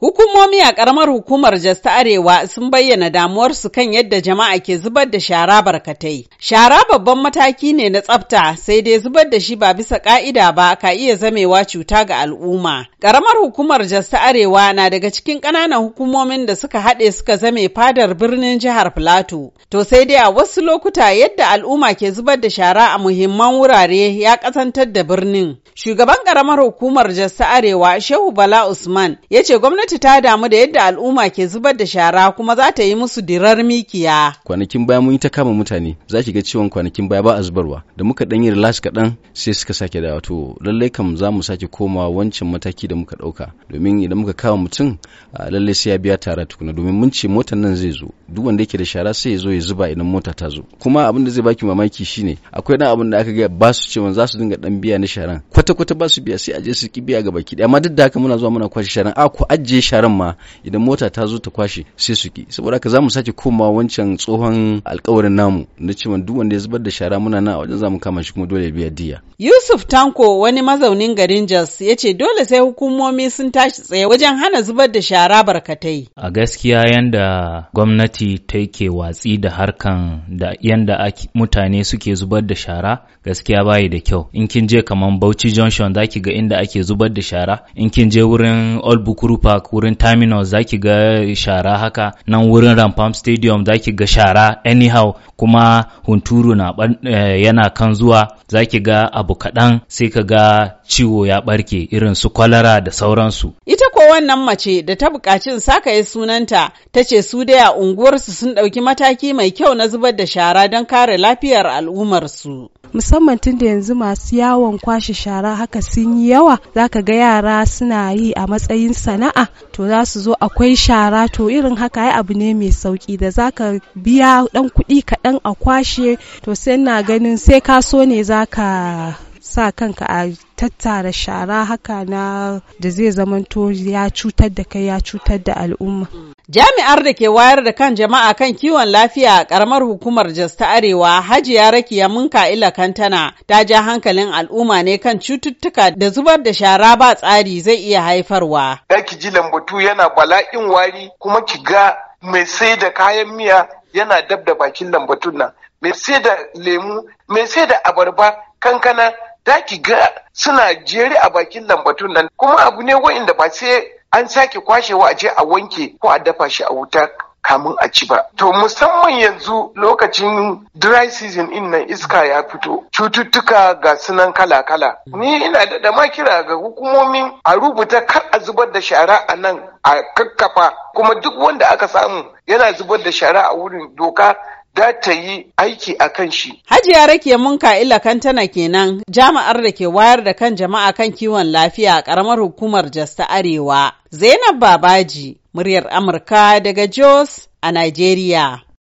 Hukumomi a ƙaramar hukumar Jasta Arewa sun bayyana damuwarsu kan yadda jama'a ke zubar da shara barkatai. Shara babban mataki ne na tsafta sai dai zubar da shi ba bisa ƙa'ida ba ka iya zamewa cuta ga al'umma. Ƙaramar hukumar Jasta Arewa na daga cikin ƙananan hukumomin da suka haɗe suka zame fadar birnin jihar Filato. To sai dai a wasu lokuta yadda al'umma ke zubar da shara a muhimman wurare ya ƙasantar da birnin. Shugaban ƙaramar hukumar Jasta Arewa Shehu Bala Usman ya ce gwamnati Gwamnati ta damu da yadda al'umma ke zubar da shara kuma za ta yi musu dirar mikiya. Kwanakin baya mun yi ta kama mutane za ki ga ciwon kwanakin baya ba a zubarwa da muka dan yi relax kaɗan sai suka sake dawo to lallai kam za mu sake koma wancan mataki da muka ɗauka domin idan muka kama mutum lallai sai ya biya tara tukuna domin mun ce motar nan zai zo duk wanda yake da shara sai ya zo ya zuba idan mota ta zo kuma abin da zai baki mamaki shine akwai dan abin da aka ga ba su cewa za su dinga dan biya na sharan kwata kwata ba su biya sai a je su ki biya ga baki daya amma duk da haka muna zuwa muna kwashe sharan a ku ajiye je sharan ma idan mota ta zo ta kwashe sai su ki saboda ka zamu sake koma wancan tsohon alkawarin namu na cewa duk wanda ya zubar da shara muna nan a wajen zamu kama shi kuma dole ya biya diya Yusuf Tanko wani mazaunin garin Jos ya ce dole sai hukumomi sun tashi tsaye wajen hana zubar da shara barkatai a gaskiya yanda gwamnati ta ke watsi da harkan da yanda mutane suke zubar da shara gaskiya bayi da kyau in kin je kaman Bauchi Junction zaki ga inda ake zubar da shara in kin je wurin Olbukuru Park wurin terminal ki ga shara haka nan wurin rampam stadium za ki ga shara anyhow kuma hunturu na eh, yana kan zuwa za ki ga abu kaɗan sai ka ga ciwo ya ɓarke irin su kwalara da sauransu. Ita ko wannan mace da ta sa sakaye sunanta ta ce su da unguwarsu sun ɗauki mataki mai kyau na zubar da shara don kare lafiyar al'ummarsu. musamman tun da yanzu masu yawon kwashe shara haka sun yi yawa za ka ga yara suna yi a matsayin sana'a to za su zo akwai shara to irin haka ya abu ne mai sauki da za ka biya dan kuɗi kaɗan a kwashe to sai na ganin sai ka so ne za ka. sa kanka a tattara shara haka na da zai zamanto ya cutar da kai ya cutar da al'umma. Jami'ar da ke wayar da kan jama'a kan kiwon lafiya a karamar hukumar Jos ta Arewa Hajiya Rakiya Munka'ila Kantana ta ja hankalin al'umma ne kan cututtuka da zubar da shara ba tsari zai iya haifarwa. daki ji lambatu yana bala'in wari kuma ki ga mai sai da kayan miya yana dab da bakin lambatun nan. Mai sai da lemu, mai sai da abarba, kankana, za ki ga suna jere a bakin lambatun nan kuma abu ne wa'inda ba sai an sake kwashewa a je a wanke ko a dafa shi a wuta kamun a ci ba. To musamman yanzu lokacin dry season in nan iska ya fito cututtuka ga sunan kala-kala. Ni ina da dama kira ga hukumomin a rubuta kar a zubar da shara a nan a kakkafa kuma duk wanda aka samu yana zubar da shara a wurin doka za ta yi aiki a kan shi. Hajiya rake mun ka'ila kantana kenan jami'ar da ke wayar da kan jama'a kan kiwon lafiya a ƙaramar hukumar Jos ta Arewa. Zainab Babaji, muryar Amurka daga Jos a Najeriya.